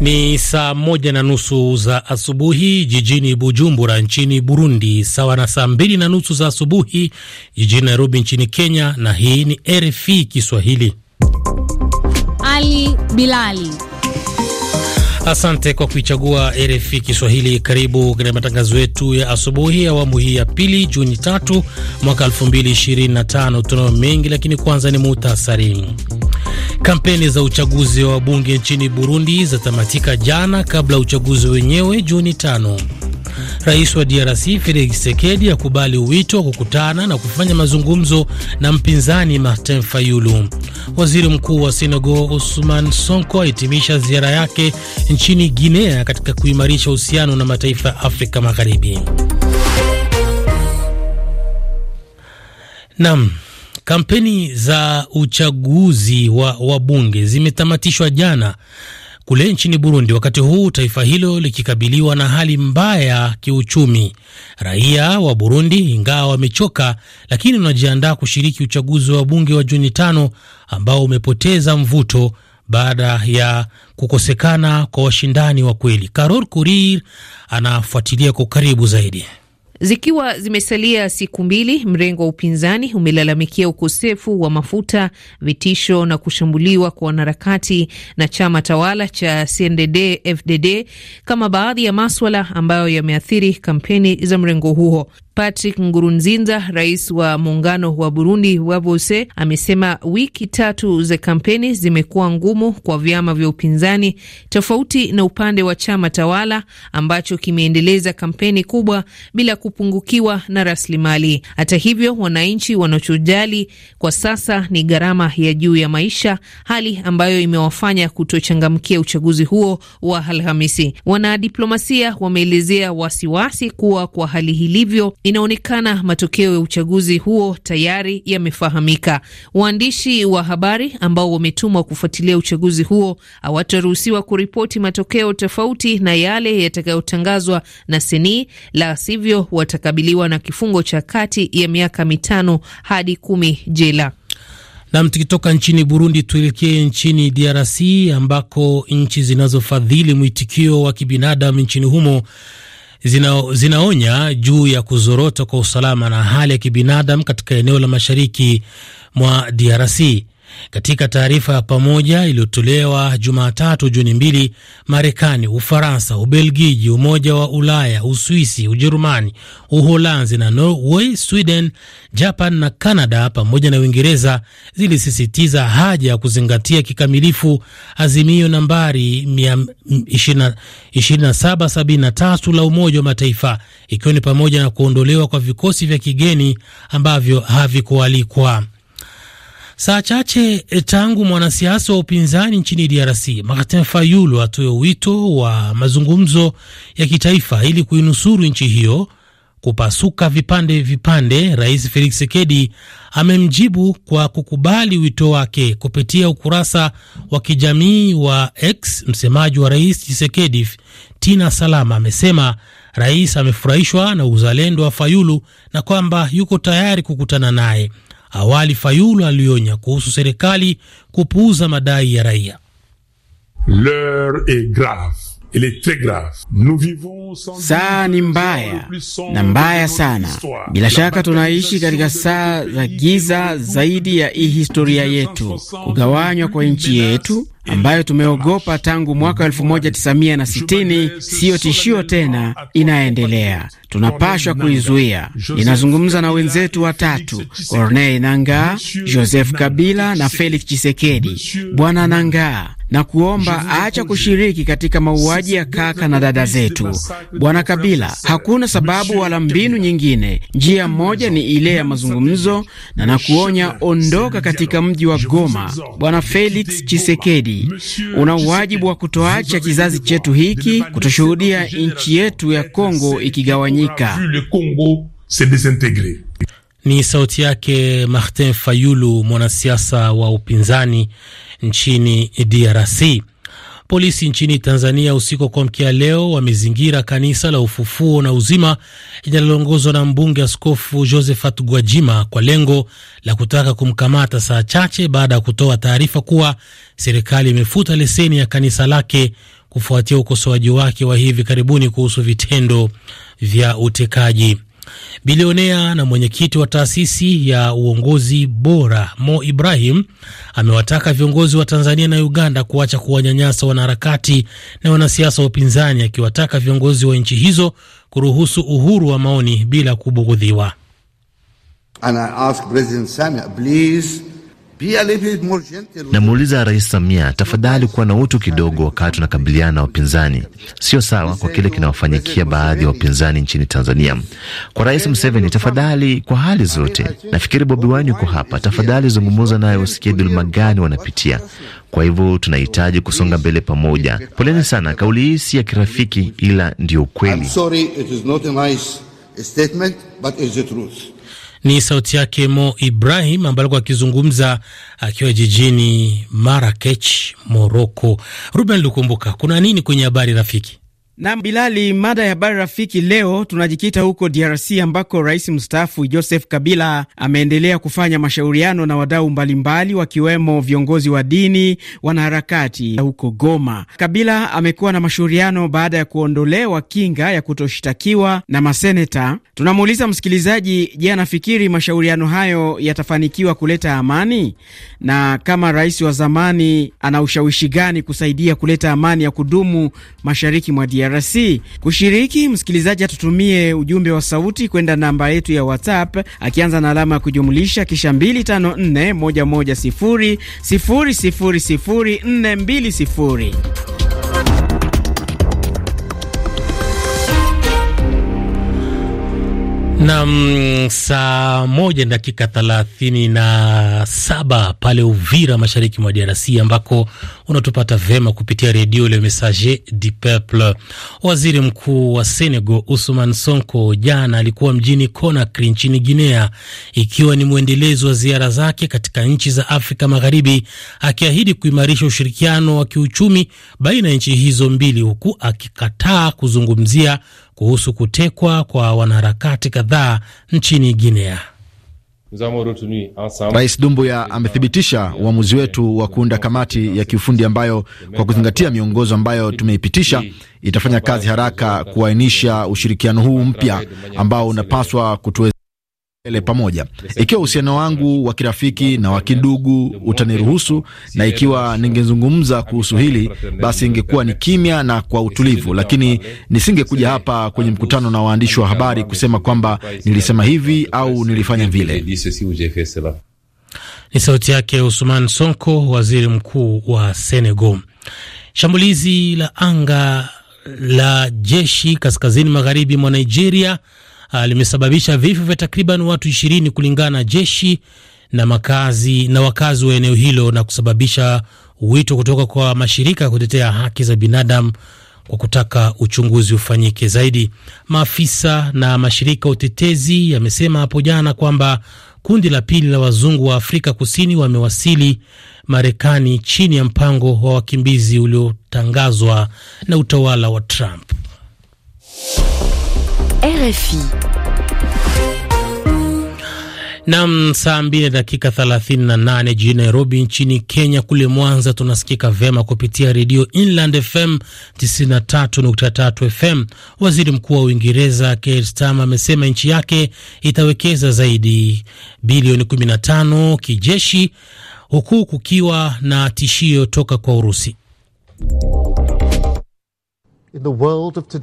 Ni saa moja na nusu za asubuhi jijini Bujumbura nchini Burundi, sawa na saa mbili na nusu za asubuhi jijini Nairobi nchini Kenya. Na hii ni RFI Kiswahili. Ali Bilali, asante kwa kuichagua RFI Kiswahili. Karibu katika matangazo yetu ya asubuhi, awamu hii ya pili, Juni tatu mwaka 225 Tunayo mengi, lakini kwanza ni muhtasari. Kampeni za uchaguzi wa wabunge nchini Burundi zatamatika jana kabla ya uchaguzi wenyewe Juni tano. Rais wa DRC Felix Tshisekedi akubali wito wa kukutana na kufanya mazungumzo na mpinzani Martin Fayulu. Waziri Mkuu wa Senegal usman Sonko ahitimisha ziara yake nchini Guinea katika kuimarisha uhusiano na mataifa ya Afrika Magharibi. Naam. Kampeni za uchaguzi wa wabunge zimetamatishwa jana kule nchini Burundi, wakati huu taifa hilo likikabiliwa na hali mbaya kiuchumi. Raia wa Burundi, ingawa wamechoka, lakini wanajiandaa kushiriki uchaguzi wa bunge wa Juni tano ambao umepoteza mvuto baada ya kukosekana kwa washindani wa kweli. Karol Kurir anafuatilia kwa karibu zaidi. Zikiwa zimesalia siku mbili, mrengo wa upinzani umelalamikia ukosefu wa mafuta, vitisho na kushambuliwa kwa wanaharakati na chama tawala cha CNDD FDD kama baadhi ya maswala ambayo yameathiri kampeni za mrengo huo. Patrick Ngurunzinza, rais wa muungano wa Burundi Bose, amesema wiki tatu za kampeni zimekuwa ngumu kwa vyama vya upinzani, tofauti na upande wa chama tawala ambacho kimeendeleza kampeni kubwa bila kupungukiwa na rasilimali. Hata hivyo, wananchi wanachojali kwa sasa ni gharama ya juu ya maisha, hali ambayo imewafanya kutochangamkia uchaguzi huo wa Alhamisi. Wanadiplomasia wameelezea wasiwasi kuwa kwa hali ilivyo inaonekana matokeo ya uchaguzi huo tayari yamefahamika. Waandishi wa habari ambao wametumwa kufuatilia uchaguzi huo hawataruhusiwa kuripoti matokeo tofauti na yale yatakayotangazwa na Seni, la sivyo watakabiliwa na kifungo cha kati ya miaka mitano hadi kumi jela. Nam, tukitoka nchini Burundi tuelekee nchini DRC ambako nchi zinazofadhili mwitikio wa kibinadamu nchini humo zina, zinaonya juu ya kuzorota kwa usalama na hali ya kibinadamu katika eneo la mashariki mwa DRC. Katika taarifa ya pamoja iliyotolewa Jumatatu Juni mbili, Marekani, Ufaransa, Ubelgiji, Umoja wa Ulaya, Uswisi, Ujerumani, Uholanzi na Norway, Sweden, Japan na Canada pamoja na Uingereza zilisisitiza haja ya kuzingatia kikamilifu azimio nambari 2773 la Umoja wa Mataifa, ikiwa ni pamoja na kuondolewa kwa vikosi vya kigeni ambavyo havikualikwa. Saa chache e, tangu mwanasiasa wa upinzani nchini DRC Martin Fayulu atoe wito wa mazungumzo ya kitaifa ili kuinusuru nchi hiyo kupasuka vipande vipande, Rais Felix Tshisekedi amemjibu kwa kukubali wito wake kupitia ukurasa wa kijamii wa X. Msemaji wa Rais Tshisekedi Tina Salama amesema rais amefurahishwa na uzalendo wa Fayulu na kwamba yuko tayari kukutana naye. Awali Fayulu alionya kuhusu serikali kupuuza madai ya raia. Saa ni mbaya na mbaya sana. Bila shaka tunaishi katika saa za giza zaidi ya hii historia yetu. Kugawanywa kwa nchi yetu, ambayo tumeogopa tangu mwaka 1960 siyo tishio tena, inaendelea. Tunapashwa kuizuia. Ninazungumza na wenzetu watatu, Corneille Nangaa, Joseph Kabila na Felix chisekedi Bwana Nangaa, na kuomba aacha kushiriki katika mauaji ya kaka na dada zetu. Bwana Kabila, hakuna sababu wala mbinu nyingine, njia moja ni ile ya mazungumzo, na nakuonya, ondoka katika mji wa Goma. Bwana Felix Chisekedi, una wajibu wa kutoacha kizazi chetu hiki kutoshuhudia nchi yetu ya Kongo ikigawanyika. Ni sauti yake Martin Fayulu, mwanasiasa wa upinzani nchini DRC. Polisi nchini Tanzania usiku kwa mkia leo wamezingira kanisa la Ufufuo na Uzima linaloongozwa na mbunge Askofu Josephat Gwajima kwa lengo la kutaka kumkamata saa chache baada ya kutoa taarifa kuwa serikali imefuta leseni ya kanisa lake kufuatia ukosoaji wake wa hivi karibuni kuhusu vitendo vya utekaji. Bilionea na mwenyekiti wa taasisi ya uongozi bora Mo Ibrahim amewataka viongozi wa Tanzania na Uganda kuacha kuwanyanyasa wanaharakati na wanasiasa wa upinzani, akiwataka viongozi wa nchi hizo kuruhusu uhuru wa maoni bila kubughudhiwa. Namuuliza Rais Samia, tafadhali kuwa na utu kidogo wakati unakabiliana na wapinzani. Sio sawa kwa kile kinawafanyikia baadhi ya wapinzani nchini Tanzania. Kwa Rais Museveni, tafadhali, kwa hali zote. Nafikiri Bobi Wine yuko hapa, tafadhali zungumuza naye usikie dhuluma gani wanapitia. Kwa hivyo tunahitaji kusonga mbele pamoja. Poleni sana, kauli hii si ya kirafiki, ila ndio ukweli. Ni sauti yake Mo Ibrahim ambaye alikuwa akizungumza akiwa jijini Marakech, Moroko. Ruben Lukumbuka, kuna nini kwenye habari rafiki? Na Bilali, mada ya habari rafiki leo tunajikita huko DRC ambako rais mstaafu Joseph Kabila ameendelea kufanya mashauriano na wadau mbalimbali wakiwemo viongozi wa dini, wanaharakati huko Goma. Kabila amekuwa na mashauriano baada ya kuondolewa kinga ya kutoshtakiwa na maseneta. Tunamuuliza msikilizaji, je, anafikiri mashauriano hayo yatafanikiwa kuleta amani na kama rais wa zamani ana ushawishi gani kusaidia kuleta amani ya kudumu mashariki mwa DRC? DRC. Kushiriki, msikilizaji atutumie ujumbe wa sauti kwenda namba yetu ya WhatsApp akianza na alama ya kujumlisha kisha 254110000420. Nam, saa moja na dakika thelathini na saba pale Uvira, mashariki mwa DRC ambako unatupata vema kupitia redio Le Messager du Peuple. Waziri Mkuu wa Senegal Usuman Sonko jana alikuwa mjini Conakry nchini Guinea, ikiwa ni mwendelezo wa ziara zake katika nchi za Afrika Magharibi, akiahidi kuimarisha ushirikiano wa kiuchumi baina ya nchi hizo mbili, huku akikataa kuzungumzia kuhusu kutekwa kwa wanaharakati kadhaa nchini Guinea. Rais Dumbuya amethibitisha uamuzi wetu wa kuunda kamati ya kiufundi ambayo kwa kuzingatia miongozo ambayo tumeipitisha itafanya kazi haraka kuainisha ushirikiano huu mpya ambao unapaswa kutuweza ele pamoja. Ikiwa uhusiano wangu wa kirafiki na wa kindugu utaniruhusu, na ikiwa ningezungumza kuhusu hili, basi ingekuwa ni kimya na kwa utulivu, lakini nisingekuja hapa kwenye mkutano na waandishi wa habari kusema kwamba nilisema hivi au nilifanya vile. Ni sauti yake Usman Sonko, waziri mkuu wa Senegal. Shambulizi la anga la jeshi kaskazini magharibi mwa Nigeria uh, limesababisha vifo vya takriban watu ishirini kulingana na jeshi na makazi na wakazi wa eneo hilo na kusababisha wito kutoka kwa mashirika ya kutetea haki za binadamu kwa kutaka uchunguzi ufanyike zaidi. Maafisa na mashirika ya utetezi yamesema hapo jana kwamba kundi la pili la wazungu wa Afrika Kusini wamewasili Marekani chini ya mpango wa wakimbizi uliotangazwa na utawala wa Trump. RFI. Nam, saa mbili dakika thelathini na nane jijini Nairobi nchini Kenya. Kule Mwanza tunasikika vyema kupitia redio Inland FM 93.3 FM. Waziri Mkuu wa Uingereza Keir Starmer amesema nchi yake itawekeza zaidi bilioni 15 kijeshi, huku kukiwa na tishio toka kwa Urusi.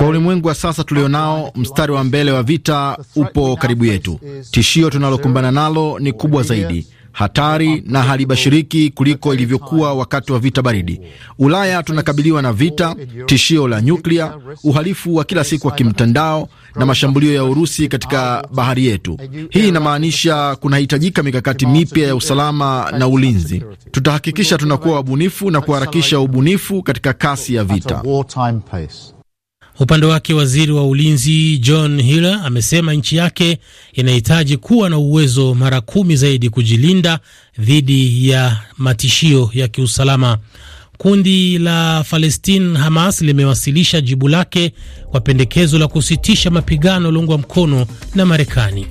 Kwa ulimwengu wa sasa tulionao, mstari wa mbele wa vita upo karibu yetu. Tishio tunalokumbana nalo ni kubwa zaidi hatari na halibashiriki kuliko ilivyokuwa wakati wa vita baridi. Ulaya tunakabiliwa na vita, tishio la nyuklia, uhalifu wa kila siku wa kimtandao na mashambulio ya Urusi katika bahari yetu. Hii inamaanisha kunahitajika mikakati mipya ya usalama na ulinzi. Tutahakikisha tunakuwa wabunifu na kuharakisha ubunifu katika kasi ya vita. Upande wake waziri wa ulinzi John Hiller amesema nchi yake inahitaji kuwa na uwezo mara kumi zaidi kujilinda dhidi ya matishio ya kiusalama. Kundi la Palestine Hamas limewasilisha jibu lake kwa pendekezo la kusitisha mapigano lungwa mkono na Marekani.